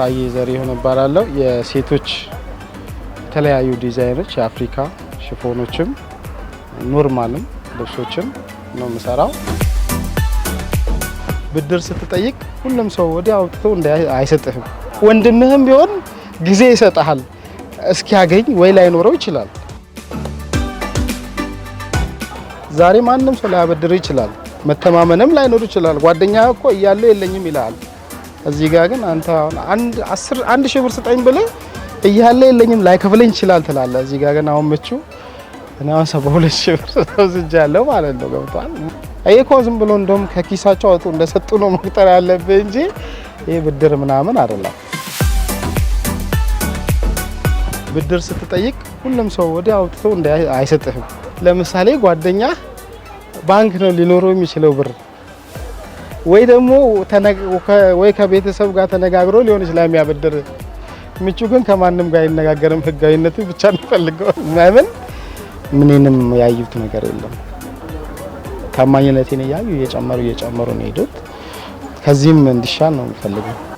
ታዬ ዘሪሁን እባላለሁ። የሴቶች የተለያዩ ዲዛይኖች የአፍሪካ ሽፎኖችም ኖርማልም ልብሶችም ነው የምሰራው። ብድር ስትጠይቅ ሁሉም ሰው ወዲያ አውጥቶ አይሰጥህም። ወንድምህም ቢሆን ጊዜ ይሰጥሃል እስኪያገኝ ወይ ላይኖረው ይችላል። ዛሬ ማንም ሰው ላያበድር ይችላል። መተማመንም ላይኖር ይችላል። ጓደኛ እኮ እያለው የለኝም ይላል። እዚህ ጋር ግን አንተ አሁን አንድ 10 አንድ ሺህ ብር ስጠኝ ብለህ እያለ የለኝም ላይከፍለኝ ይችላል ትላለህ። እዚህ ጋር ግን አሁን ምቹ እኔ አሁን ሰባ ሁለት ሺህ ብር ተወስጃለሁ ማለት ነው። ገብቷል። ይሄ እኮ ዝም ብሎ እንደውም ከኪሳቸው አውጡ እንደሰጡ ነው መቁጠር ያለብህ እንጂ ይሄ ብድር ምናምን አይደለም። ብድር ስትጠይቅ ሁሉም ሰው ወዲያ አውጥቶ አይሰጥህም። ለምሳሌ ጓደኛ ባንክ ነው ሊኖረው የሚችለው ብር ወይ ደግሞ ወይ ከቤተሰብ ጋር ተነጋግሮ ሊሆን ይችላል የሚያበድር። ምቹ ግን ከማንም ጋር አይነጋገርም። ህጋዊነቱ ብቻ እንፈልገው ማመን ምንንም ያዩት ነገር የለም። ታማኝነቴን እያዩ እየጨመሩ እየጨመሩ ነው ሄዱት። ከዚህም እንዲሻል ነው የሚፈልገው።